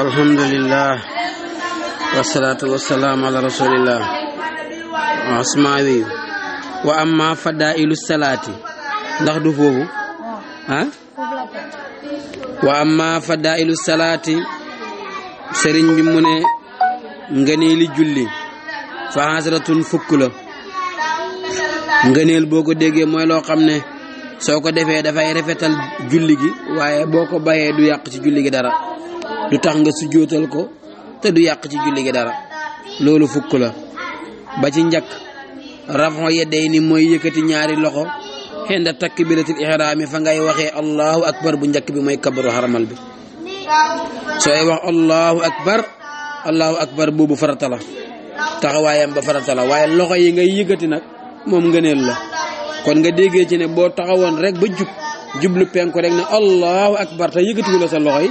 alhamdulillah wasalaatu wasalaam ala rasulillah asmaawi wa amma fadailu salaati ndax du foofu ah wa amma fadailu salaati sëriñ bi mu ne ngëneeli julli fa hasratun fukk la boo ko déggee mooy loo xam ne soo ko defee dafay rafetal julli gi waaye boo ko bayee du yàq ci julli gi dara du tax nga sujjootal ko te du yàq ci julli gi dara loolu fukk la ba ci njëkk rafon yedday ni mooy yëkkati ñaari loxo takk bi takbiratul ihraami fa ngay waxee allahu akbar bu njëkk bi mooy kabaru xaramal bi sooy wax allahu akbar allahu akbar boobu farata la taxawaayam ba farata la waaye loxo yi ngay yëkkati nag moom ngëneel la kon nga déggee ci ne boo taxawoon rek ba jub jublu penku rek na allahu akbar te yëkkatiku la sa loxo yi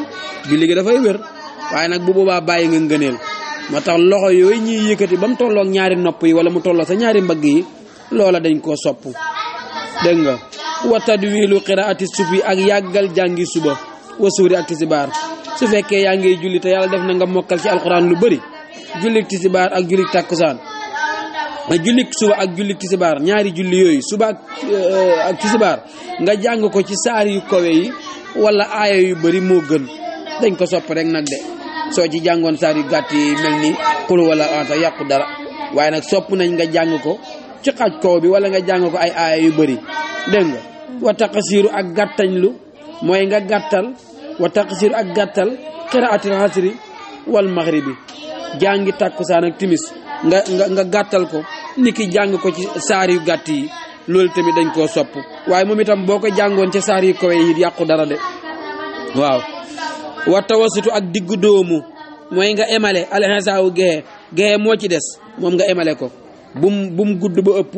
julli gi dafay wér waaye nag bu boobaa bàyyi nga ngëneel moo tax loxo yooyu ñuy yëkkati ba mu tollook ñaari nopp yi wala mu tolloo sa ñaari mbagg yi loola dañ koo sopp dégg nga wa tadwilu qiraati subi ak yàggal jàngi suba wa suuri ak tisibaar su fekkee yaa ngi julli te yàlla def na nga mokkal ci alxuraan lu bëri julli tisibaar ak julli tàkkusaan nga jullik suba ak jullik tisbaar ñaari julli yooyu suba euh, ak tisbaar nga jàng ko ci saar yu kawe yi wala aaya yu bëri moo gën dañ ko sopp rek nag de soo ci jàngoon saar yu gàtt yi mel ni xul wala anta yàqu dara waaye nag sopp nañ nga jàng ko ci xaj kow bi wala nga jàng ko ay aaya yu bëri dégg nga wa taqasiru ak gàttañlu mooy nga gàttal wa taqasiru ak gàttal qiraatil asri wal maghribi jàngi tàkkusaan ak timis nga nga gàttal ko niki jang ko ci saar yu gàtt yi loolu tamit dañ koo sopp waaye moom itam boo ko jàngoon ca saar yu kowe yi yàqu dara de waaw wa tawasitu ak digg dóomu mooy nga émale al insaa u gehe gehe moo ci des moom nga émale ko bum bum gudd ba ëpp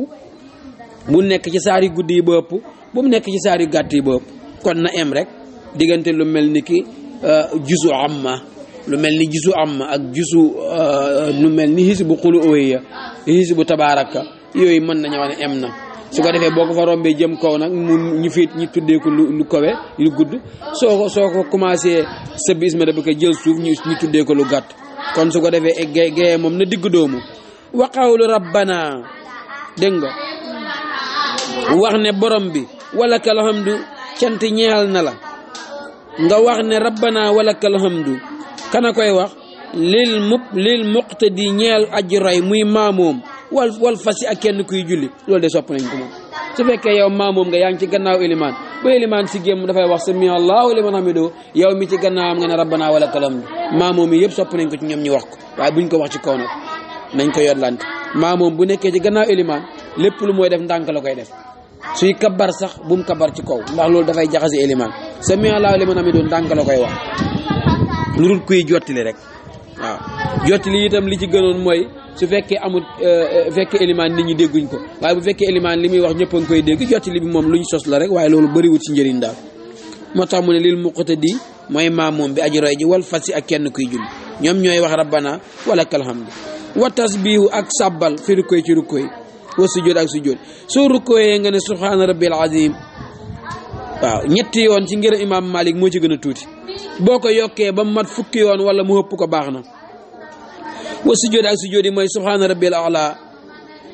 bu nekk ci saar yu gudd yi ba ëpp bu mu nekk ci saar yu gàtt yi ba ëpp kon na em rek diggante lu mel ni ki euh, jusu amma lu mel ni gisu am ak gisu euh, lu mel ni his bu xulu ooy ya his bu tabaaraka yooyu mën nañu wax ne na su ko defee boo ko fa rombee jëm kow nag mu ñu fiit ñu tuddee lu lu kawe lu gudd soo ko soo ko commencé sëb isma ko jël suuf ñu ñu tuddee lu gàtt kon su ko defee gay e, gayee moom na digg doomu wa qawlu rabbana dégg nga wax ne borom bi wala kalhamdu cant ñeexal na la nga wax ne rabbana wala kalhamdu kana koy wax lil mu lil muqtadi ñeel aji roy muy maamoom wal wal fasi ak kenn kuy julli loolu de sopp nañ ko moom su fekkee yow maamoom nga yaa ngi ci gannaaw ilimaan ba ilimaan si gémm dafay wax sami allahu liman hamidu yow mi ci gannaawam nga ne rabbana wala kalam maamoom yi yëpp sopp nañ ko ci ñoom ñu wax ko waaye buñ ko wax ci kaw nag nañ ko yodlante maamoom bu nekkee ci gannaaw ilimaan lépp lu mooy def ndànk la koy def suy kabar sax bu mu kabar ci kaw ndax loolu dafay jaxase ilimaan sami allahu liman hamidu ndànk la koy wax lu kuy jottali rek waaw jottali itam li ci gënoon mooy su fekkee amul euh, euh, fekkee élimaan nit ñu dégguñ ko waaye bu fekkee élimaan li muy wax ñëpp a ngi koy dégg jottali bi moom lu ñu sos la rek waaye loolu bëriwut ci njariñ daal moo tax mu ne lil mooy maamoom bi aji roy ji wal fasi ak kenn kuy jul ñoom ñooy wax rabbana walakal hamdu wa tasbihu ak sàbbal fi rukkoy ci rukkoy si sujjóot ak sujjóot soo rukkooyee nga ne subhaana rabbil azim waaw ñetti yoon ci ngir imam malik moo ci gën a tuuti boo ko yokkee ba mu mat fukki yoon wala mu hëpp ko baax na wa sujjoodi ak sujjoodi mooy subhaana rabbil ala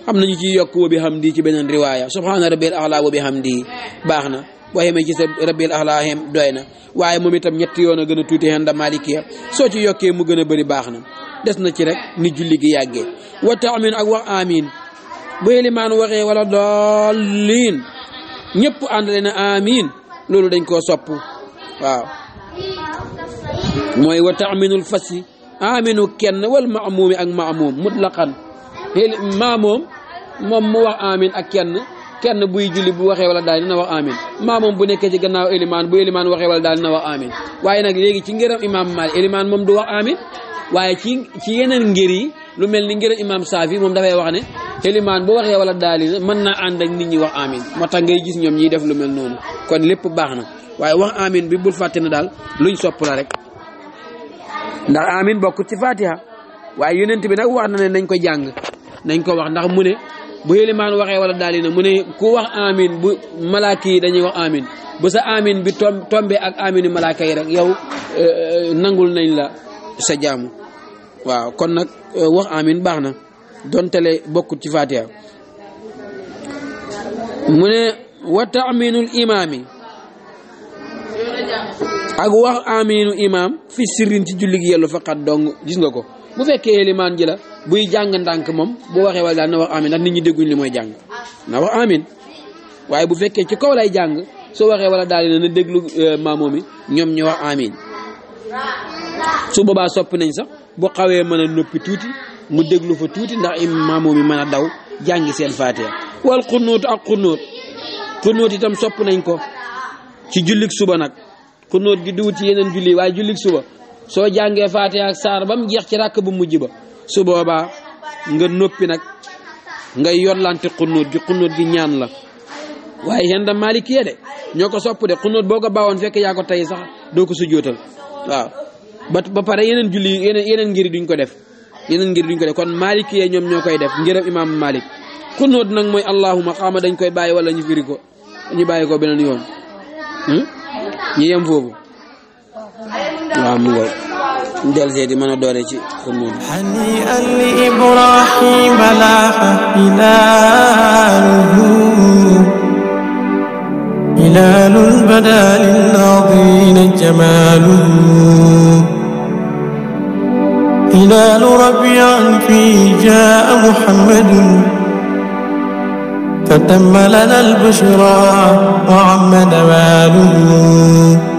am nañu ci yokk wa bi hamdi ci beneen riwaaya subhaana rabbil ala wa bi hamdi baax na boo xamee ci sa rabbil ala hem doy na waaye moom itam ñetti yoon a gën a tuuti hen da malikiya soo ci yokkee mu gën a bëri baax na des na ci rek ni julli gi yàggee wa taamin ak wax amin bu yelimaan waxee wala dolliin ñëpp àndale na amin dañ koo sopp mooy wa taaminul fasi aminu kenn wal maamuumi ak maamuum mutlaqan maamoom moom mu wax amin ak kenn kenn buy julli bu waxee wala daal dina wax amin maamoom bu nekkee ci gannaaw élimaan bu élimaan waxee wala wax amin waaye nag léegi ci ngërëm imaam Maalik élimaan moom du wax amin waaye ci ci yeneen ngir yi lu mel ni ngërëm imaam Saafi moom dafay wax ne élimaan bu waxee wala daal dina mën na ànd ak nit ñi wax amin moo tax ngay gis ñoom ñiy def lu mel noonu kon lépp baax na waaye wax amin bi bul fàtte na daal luñ sopp la rek ndax amin bokkut ci fatiha waaye yonent bi nag wax na ne nañ ko jàng nañ ko wax ndax mu ne bu yélimaan waxee wala daal na mu ne ku wax amin bu malaaka dañuy wax amin bu sa amin bi tom ak aminu malaakayi yi rek yow euh, euh, nangul nañ la sa jaamu waaw kon nag euh, wax amin baax na donte dontale bokkut ci fatiha mu ne wa taaminul imaami ak wax aminu imam fi sirrin ci julli gi yellu faqat dong gis nga ko bu fekkee limaan ji jila buy jàng ndànk moom boo waxee wala daal na wax amin ndax nit ñi dégguñ li mooy jàng na wax amin waaye bu fekkee ci kaw lay jàng soo waxee wala daal dina na déglu euh, maamoo mi ñoom ñu wax amin su boobaa sopp nañ sax bu xawee mën a noppi tuuti mu déglu fa tuuti ndax maamoo mi mën a daw jàngi seen faatiha wal xunóotu ak xunóot itam sopp nañ ko ci jullik suba nag xunóot gi duwut ci yeneen julli waaye jullik suba soo jàngee faatee ak saar ba mu jeex ci ràkk bu mujj ba su boobaa nga noppi nag ngay yollante xunóot gi xunóot gi ñaan la waaye xen da malikiya de ñoo ko sopp de xunóot boo ko baawoon fekk yaa ko tey sax doo ko sujjóotal waaw ba ba pare yeneen julli yeneen yeneen ngir duñ ko def yeneen ngir duñ ko def kon malikiya ñoom ñoo koy def ngirab imaamu malik xunóot nag mooy allahuma xaama dañ koy bàyyi wala ñu firi ko ñu bàyyi ko beneen yoon hmm? ñu yem foofu waaw mu ngoog del doore ci xumud لإبراهيم لاح هلاله هلال بدا للناظرين جماله هلال ربيع فيه جاء محمد فتم لنا البشرى وعم نواله